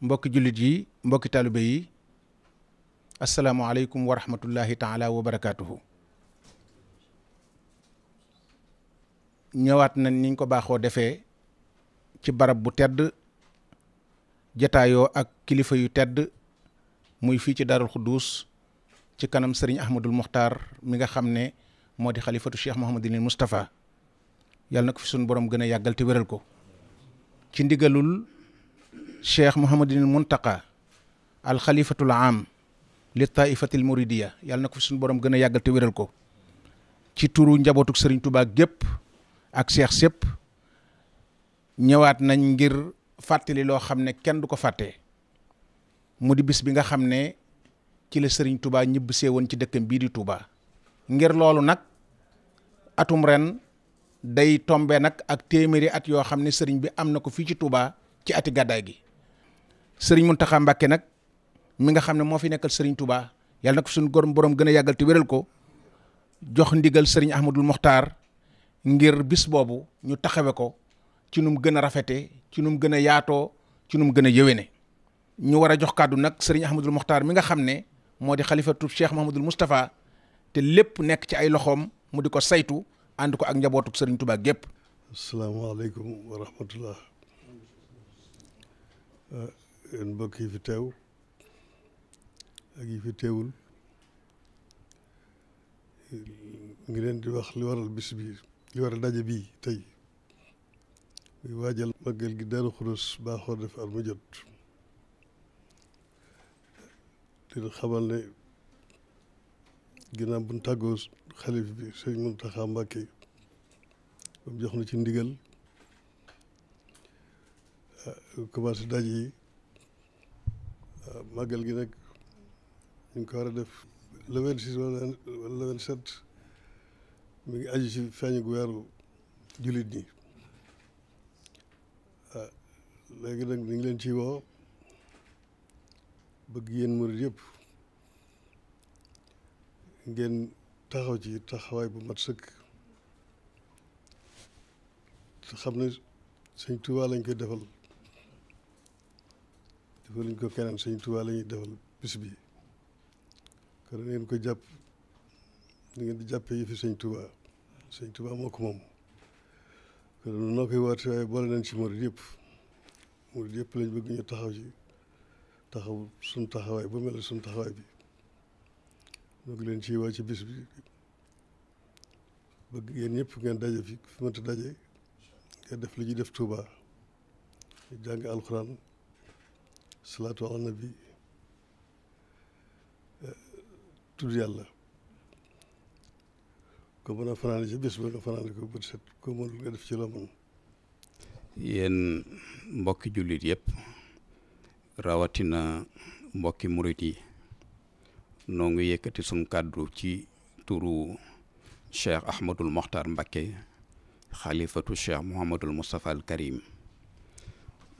mbokki jullit yi mbokki taalibe yi asalaamualeykum wa rahmatullahi taala wa ñëwaat nañ niñ ko baaxoo defee ci barab bu tedd jataayoo ak kilifa yu tedd muy fii ci daarul xudduus ci kanam sëriñ ahmadul muxtaar mi nga xam ne moo di xalifatu cheikh mohamadinil mustafaa yàlla na ko fi sunu borom gën a yàggal te wéral ko ci ndigalul cheikh Mouhamadinil Muntaqa al xalifatul am li taifatil muridiya yàlla na ko fi suñu boroom gën a yàggal te wéral ko ci turu njabootuk sëriñ Touba gépp ak cheikh sépp ñëwaat nañ ngir fàttali loo xam ne kenn du ko fàtte mu di bis bi nga xam ne ci la sëriñ Touba ñibbisee woon ci dëkkam bii di Touba. ngir loolu nag atum ren day tombe nag ak téeméeri at yoo xam ne sëriñ bi am na ko fii ci Touba ci ati gàddaay gi sëriñ Mountakha Mbacké nag mi nga xam ne moo fi nekkal sëriñ tubaa yàlla na ko suñu gorom borom gën a yàggal te wéral ko jox ndigal sëriñ Ahmadul Mokhtar ngir bis boobu ñu taxawe ko ci nu mu gën a rafete ci nu mu gën a yaatoo ci nu mu gën a yëwéne ñu war a jox kàddu nag sëriñ Ahmadul Mokhtar mi nga xam ne moo di xalifatu Cheikh Mahamadul Moustapha te lépp nekk ci ay loxoom mu di ko saytu ànd ko ak njabootu sëriñ Touba gépp asalaamaaleykum wa yéen mbokk yi fi teew ak yi fi teewul ngi leen di wax li waral bis bi li waral daje bii tey muy waajal màggal gi Daaru Xudoos baaxoo def at mu jot dina xamal ne ginnaaw bu ñu xalif bi sëñ Muntaxa Mbàkke ba mu jox na ci ndigal ah, commencé daje yi màggal gi nag ñu ngi ko war a def le vingt six wala le vingt sept mi ngi aju ci feeñug weeru jullit ñi ah léegi nag ñu ngi leen ci woo bëgg yéen murid yëpp ngeen taxaw ci taxawaay bu mat sëkk te xam ne Sëñ Tuubaa lañ koy defal defaluñ ko keneen sëñ Tuubaa la ñuy defal bis bi kon ngeen ko jàpp da ngeen di jàppee yëfi sëñ Tuubaa sëñ Tuubaa moo ko moom kon noo koy waatee boole nañ ci murid yëpp murid yëpp lañ bëgg taxaw ci taxaw suñ taxawaay ba mel suñ taxawaay bi ñoo leen ci waa ci bis bi bëgg yéen ñëpp ngeen daje fi fi mënta daje ngeen def li ñuy def Tuubaa jàng alxuraan salaatu ala nabi eh, tudd yàlla ko mën a fanaane ci bés ba nga fanaane ko bët set ko mënul nga def ci la mën yéen mbokki jullit yëpp rawatina mbokki murit yi noo ngi yëkkati suñ kàddu ci turu cheikh ahmadul moxtar mbakke xalifatu cheikh mouhamadul moustapha al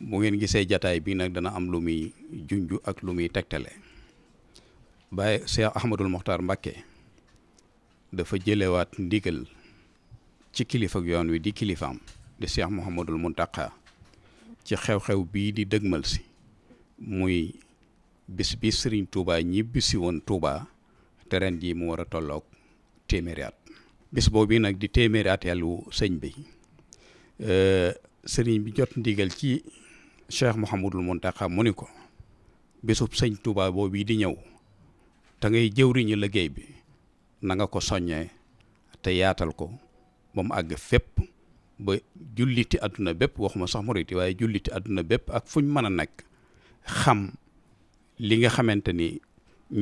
bu ngeen gisee jataay bii nag dana am lu muy junj ak lu muy tegtale Baye Cheikh Ahmadul Mokhtar Mbacké dafa jëlewaat ndigal ci kilifa ak yoon wi di kilifaam di Cheikh Mouhamadul Mountakha ci xew-xew bii di dëgmal si muy bis bi sëriñ tuuba ñibbisi woon Touba te ren jii mu war a tolloog téeméeri at bis boobu nag di téeméeri sëñ bi euh, sëriñ bi jot ndigal ci cheikh Mouhamadul Mountakha mu ni ko bésub sëñ Touba boobu di ñëw te ngay jëwriñu liggéey bi na nga ko soññee te yaatal ko ba mu àgg fépp ba julliti àdduna bépp waxuma sax murit waaye julliti àdduna bépp ak fuñ mën a nekk xam li nga xamante ni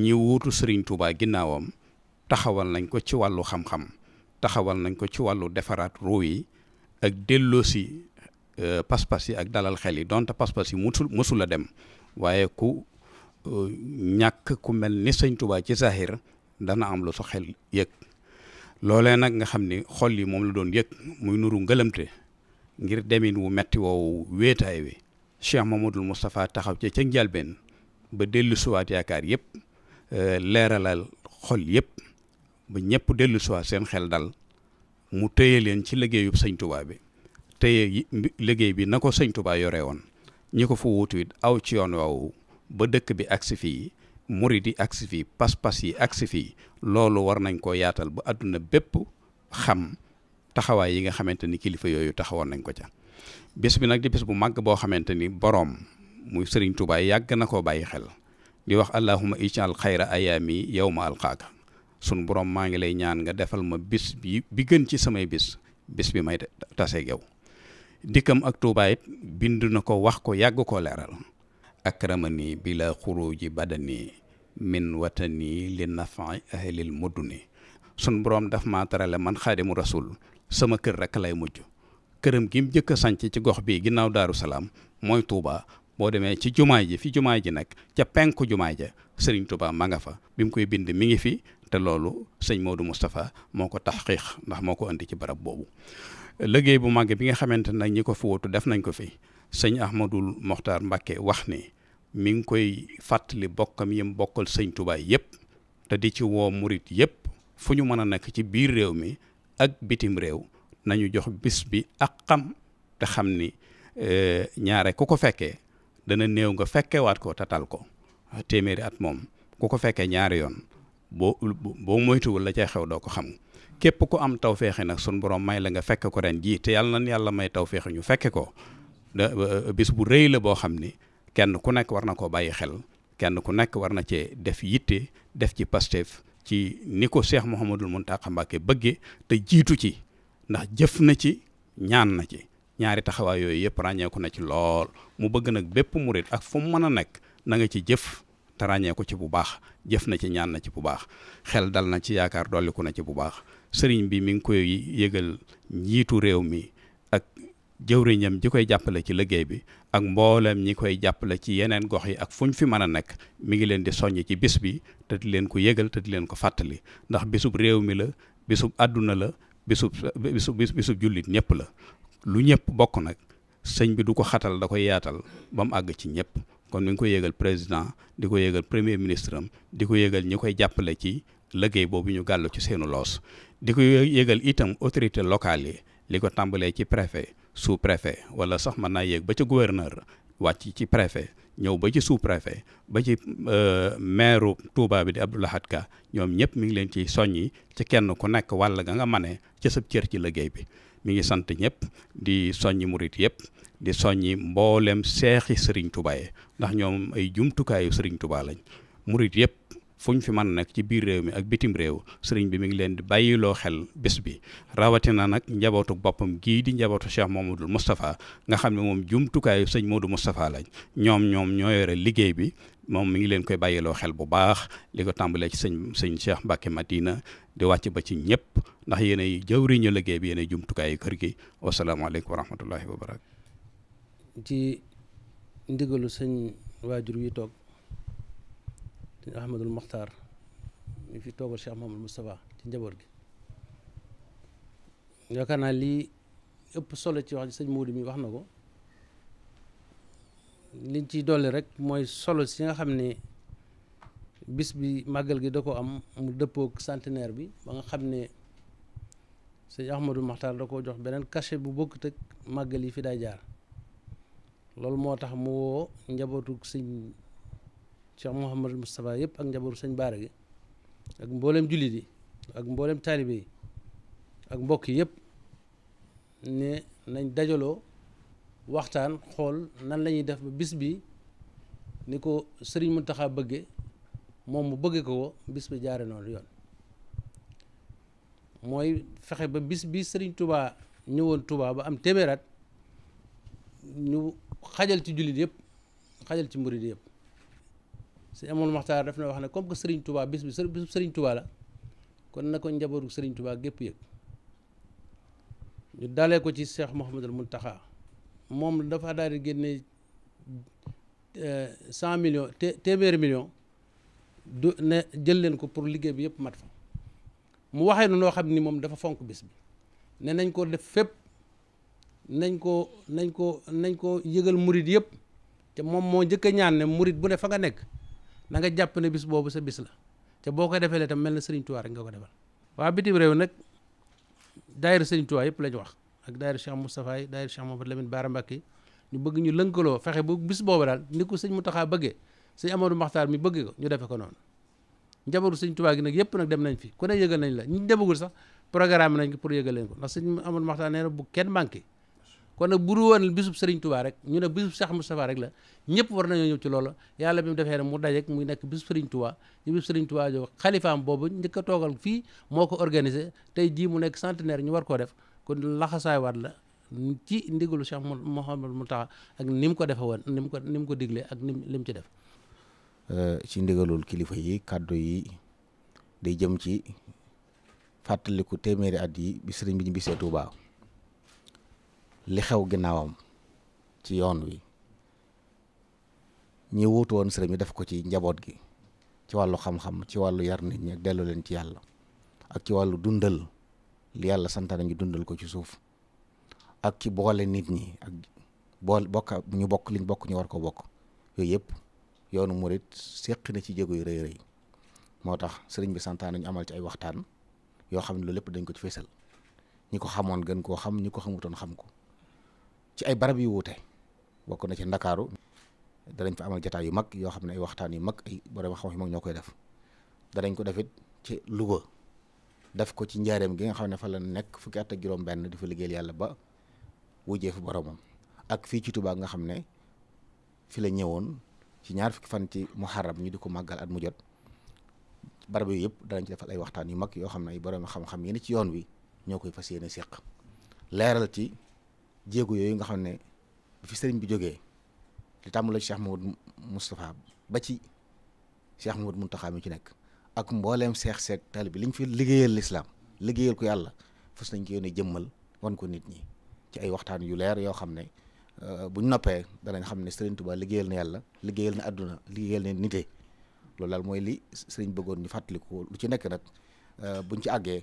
ñi wuutu sëriñ Touba ginnaawam taxawal nañ ko ci wàllu xam-xam taxawal nañ ko ci wàllu defaraat ruu yi ak delloosi Euh, pas-pas yi ak dalal xel yi donte pas-pas yi musul mësul a dem waaye ku euh, ñàkk ku mel ni sëñ Tuubaa ci saaxir dana am la sa xel yëg loolee nag nga xam ni xol yi moom la doon yëg muy nuru ngëlëmte ngir demin wu metti woowu wéetaay wi Cheikh Mamadou Moustapha taxaw ca ca njalbeen ba dellu suwaat yaakaar yëpp euh, leeralal xol yëpp ba ñëpp dellu suwaat seen xel dal mu téye leen ci liggéeyub sëñ Tuubaa bi tey liggéey bi na ko sëñ Touba yore woon ñi ko fa wuutu aw ci yoon woowu ba dëkk bi agsi fii murid yi agsi fii pas-pas yi agsi fii loolu war nañ koo yaatal ba àdduna bépp xam taxawaay yi nga xamante ni kilifa yooyu taxawoon nañ ko ca bés bi nag di bés bu màgg boo xamante ni boroom muy sëriñ Touba yàgg na koo bàyyi xel di wax allahuma ijaal xayra ayaami yow ma alqaaka sunu borom maa ngi lay ñaan nga defal ma bis bi bi gën ci samay bis bis bi may taseeg yow dikkam ak Tuubaa it bind na ko wax ko yàgg koo leeral ak akramani bila xuruji badani min watani li nafi ahlil muduni sun boroom daf maa tarale man xaadimu rasul sama kër rek lay mujj këram gi mu njëkk a sanc ci gox bii ginnaaw daaru salaam mooy Touba boo demee ci jumaay ji fi jumaa ji nag ca penku jumaa ja sëriñ Touba ma nga fa bi mu koy bind mi ngi fi te loolu sëñ Maodo Moustapha moo ko tax taxqiq ndax moo ko indi ci barab boobu liggéey bu màggee bi nga xamante nag ñi ko fi wutu def nañ ko fi sëñ Ahmadul Moxtaar mbakke wax ni mi ngi koy fàttali bokkam yim bokkal sëñ tubaay yëpp te di ci woo murit yëpp fu ñu mën a nekk ci biir réew mi ak bitim réew nañu jox bis bi ak xam te xam ni e, ñaare ku ko fekkee dana néew nga fekkewaat ko tatal ko téeméeri at moom ku ko fekkee ñaari yoon boo boo moytuwul la cay xew doo ko xam képp ku am tawféexe nag sun borom may la nga fekk ko ren jii te yàlla na yàlla may tawféexe ñu fekke ko bis bu rëy la boo xam ni kenn ku nekk war na koo bàyyi xel kenn ku nekk war na cee def yitte def ci Pastef ci ni ko Cheikh Mouhamadul Mountakha Mbacké bëgge te jiitu ci ndax jëf na ci ñaan na ci ñaari taxawaay yooyu yëpp ràññeeku na ci lool mu bëgg nag bépp murit ak fu mu mën a nekk na nga ci jëf te ràññeeku ci bu baax jëf na ci ñaan na ci bu baax xel dal na ci yaakaar dolliku na ci bu baax sëriñ bi mi ngi koy yëgal njiitu réew mi ak jëwriñam ji koy jàppale ci liggéey bi ak mbooleem ñi koy jàppale ci yeneen gox yi ak fu fi mën a nekk mi ngi leen di soññ ci bis bi te di leen ko yëgal te di leen ko fàttali ndax bisub réew mi la bisub àdduna la bisub bisub bisub jullit ñëpp la lu ñëpp bokk nag sëñ bi du ko xatal da koy yaatal ba mu àgg ci ñëpp kon mi ngi koy yëgal président di ko yégal premier ministre am di ko yëgal ñi koy jàppale ci liggéey boobu ñu gàllu ci seenu loos di ko yégal itam autorité locale yi li ko tàmbalee ci préfet sous préfet wala sax mën naa yéeg ba ca gouverneur wàcc ci préfet ñëw ba ci sous préfet ba ci euh, maire Touba bi di Abdou Lahad Ka ñoom ñëpp mu ngi leen ci soññi ci kenn ku nekk wàll ga nga mane ci sab cër ci liggéey bi mu ngi sant ñëpp di soññi murit yëpp di soññi mboolem seexi Serigne Touba ndax ñoom ay jumtukaayu Serigne Touba lañ murit yëpp fu fi man nag ci biir réew mi ak bitim réew sëriñ bi mu ngi leen di bàyyiloo xel bés bi rawatina nag njabootu boppam gii di njabootu Cheikh Mamadou Moustapha nga xam ne moom jumtukaayu sëñ Modou Moustapha lañ ñoom ñoom ñoo yore liggéey bi moom mu ngi leen koy bàyyiloo xel bu baax li ko tàmbalee ci sëñ sëñ Cheikh Mbacke Madina di wàcc ba ci ñëpp ndax yéen ay jëwriñu liggéey bi yéen jumtukaayu kër gi wasalaamaaleykum wa rahmatullahi wa barakaatu ci ndigalu sëñ Ahmadul Moxtaar mi fi toogal Cheikh Mahamadou Moustapha ci njaboot gi yaakaar naa lii ëpp solo ci wax sëñ Moodu mi wax na ko liñ ciy dolli rek mooy solo si nga xam ne bis bi màggal gi da ko am mu dëppook centenaire bi ba nga xam ne sëñ Ahmadul Moxtaar da ko jox beneen cachet bu bokkut ak màggal yi fi day jaar loolu moo tax mu woo njabootuk sëñ Cheikh Mouhamadul Moustapha yëpp ak njabootu sañ Baara gi ak mboolem jullit yi ak mboolem taalibe yi ak mbokk yi yëpp ne nañ dajaloo waxtaan xool nan lañuy def ba bis bi ni ko sëriñ mu taxa bëgge moom mu bëgge ko bis bi jaare noonu yoon mooy fexe ba bis bi sëriñ tubaa ñëwoon Touba ba am téeméeraat ñu xajal ci jullit yëpp xajal ci murid yëpp sëñ Amadou Maxtaar daf na wax ne comme que Serigne Touba bis bi bisu Serigne Touba la kon na ko njabootu Serigne Touba gépp yëg ñu dalee ko ci Cheikh Mouhamadul Mountakha moom dafa daal di génne euh, cent millions téeméeri million du ne jël leen ko pour liggéey bi yëpp mat fa mu waxee nu loo xam ni moom dafa fonk bis bi ne nañ koo def fépp nañ ko nañ ko nañ ko yëgal murit yëpp te moom moo njëkk ñaan ne murit bu ne fa nga nekk nanga nga jàpp ne bis boobu sa bis la te boo koy defee tam mel na Serigne Touba rek nga ko defal waa bitim réew nag daayira Serigne Touba yëpp la ñu wax ak daayira Cheikh Moustapha yi daayira Cheikh Mouhamed Lamine Bara Mbacké ñu bëgg ñu lënkaloo fexe bu bis boobu daal ni ko sëñ Mountakha bëggee sëñ Amadou Makhtar mi bëgg ko ñu defe ko noonu njabaru sëñ Touba gi nag yëpp nag dem nañ fi ku ne yëgal nañ la ñu demagul sax programme nañ ko pour yëgal leen ko ndax sëñ Amadou Makhtar nee na bu kenn manqué kon nag bu dul woon bisub Serigne Touba rek ñu ne bisub Cheikh Moustapha rek la ñëpp war nañoo ñëw ci loola yàlla bi mu defee ne mu daj rek muy nekk bisub Serigne Touba ñu bisub Serigne Touba jo xalifaam boobu njëkk a toogal fii moo ko organisé tey jii mu nekk centenaire ñu war koo def kon laxasaay waat la ci ndigalu Cheikh Mouhamadou Mountakha ak ni mu ko defe woon ni mu ko ni mu ko diglee ak ni li mu ci def euh, ci ndigalul kilifa yi kàddu yi day jëm ci fàttaliku téeméeri at yi bi sëriñ bi ñu bisee Touba li xew ginnaawam ci yoon wi ñi wuutu woon sëriñ bi def ko ci njaboot gi ci wàllu xam-xam ci wàllu yar nit ñi ak delloo leen ci yàlla ak ci wàllu dundal li yàlla santaane ñu dundal ko ci suuf ak ci boole nit ñi ak bool bokk ñu bokk liñ bokk ñu war ko bokk yooyu yëpp yoonu murit séq na ci jéego yu rëy rëy moo tax sëriñ bi santaane ñu amal ci ay waxtaan yoo xam ne loolu lépp dañ ko ci fésal ñi ko xamoon gën koo xam ñi ko xamutoon xam ko ci ay barab yu wute bokk na ci ndakaaru danañ fa amal jataay yu mag yoo xam ne ay waxtaan yi mag ay borom mag ñoo koy def danañ ko defit ci Louga def ko ci njaareem gi nga xam ne fa la nekk fukki at ak juróom-benn di fa liggéeyal yàlla ba wujjee fa boromam ak fii ci Touba nga xam ne fi la ñëwoon ci ñaar fukki fan ci muharram ñu di ko màggal at mu jot barab yi yëpp danañ ci defal ay waxtaan yu mag yoo xam ne ay borom xam-xam yi ci yoon wi ñoo koy fas yéene seq jéego yooyu nga xam ne bi fi sëriñ bi jógee li tàmbale ci Cheikh Mouhamadou Moustapha ba ci Cheikh Mouhamadou Mountakha mi ci nekk ak mbooleem seex seeg taalibe bi liñ fi liggéeyal lislaam liggéeyal ko yàlla fas nañ ko yéene jëmmal wan nit ñi ci ay waxtaan yu leer yoo xam ne euh, buñ noppee danañ xam ne sëriñ Tuubaa liggéeyal na yàlla liggéeyal na àdduna liggéeyal na loolu daal mooy li sëriñ bëggoon ñu fàttaliku lu ci nekk nag euh, buñ ci àggee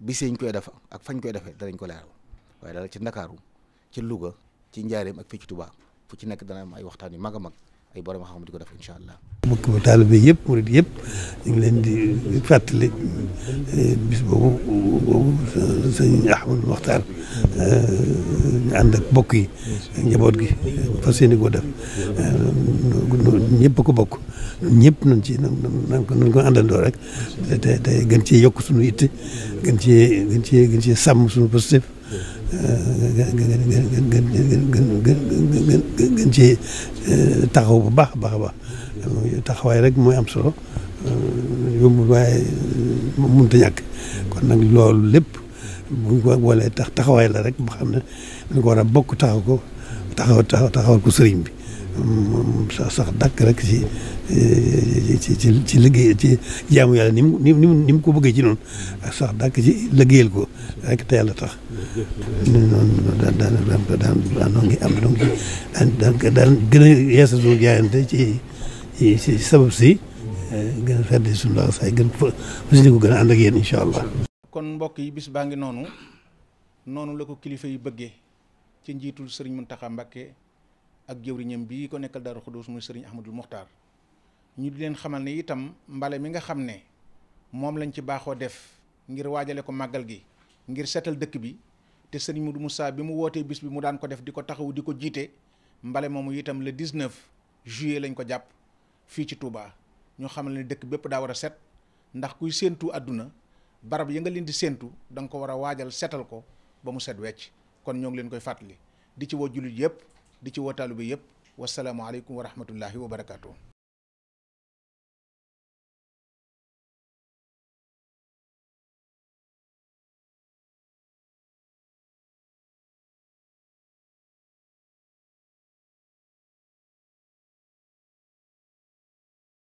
bi sëñ koy def ak fañ koy defee danañ ko leeral waaye daal ci Ndakaaru ci Louga ci Njaareem ak fii ci Touba fu ci nekk dana am waxtaan yu mag a mag ay borom xam-xam di ko def incha allah. mbokk taalibe yëpp murid yëpp ñu ngi leen di fàttali eh, bis boobu boobu sëñ Ahmadou Mokhtar eh, ñu ak bokk yi njaboot gi fas yéene koo def eh, ñëpp ko bokk ñëpp nañ ci nañ ko nañ ko àndandoo rek te gën cee yokk suñu itte gën ci gën cee gën sàmm suñu positif gën gën ci euh, taxaw bu baax a baax baax taxawaay rek mooy am solo euh, yombul waaye euh, mënut a ñàkk kon nag loolu lépp buñ ko boolee tax taxawaay la rek ba xam ne dañ ko war a bokk taxaw ko taxaw taxawal ko sëriñ bi sax dàkk rek ci eh, ci ci ci liggéey ko bëggee ci ak sax dàkk ci liggéeyal ko yàlla tax. noonu daan daan daan daan ngi am donc eh, kon mbokk yi bis baa ngi noonu la ko kilifa yi bëggee ci njiitul sëriñ Mountakha Mbacké. ak jëwriñam bi ko nekkal Daaru Xudoos muy sëriñ Ahmadul Muxtaar ñu di leen xamal ne itam mbale mi nga xam ne moom lañ ci baaxoo def ngir waajale ko màggal gi ngir seetal dëkk bi te sëriñ Mudu Musaa bi mu wootee bis bi mu daan ko def di ko taxawu di ko jiite mbale moomu itam le 19 juillet lañ ko jàpp fii ci Touba ñu xamal ne dëkk bépp daa war a set ndax kuy séentu àdduna barab yi nga leen di séentu da nga ko war a waajal setal ko ba mu set wecc kon ñoo ngi leen koy fàttali di ci woo jullit yëpp. di ci woo taalibe yëpp wasalaamualeykum wa rahmatullahi wa barakaatu.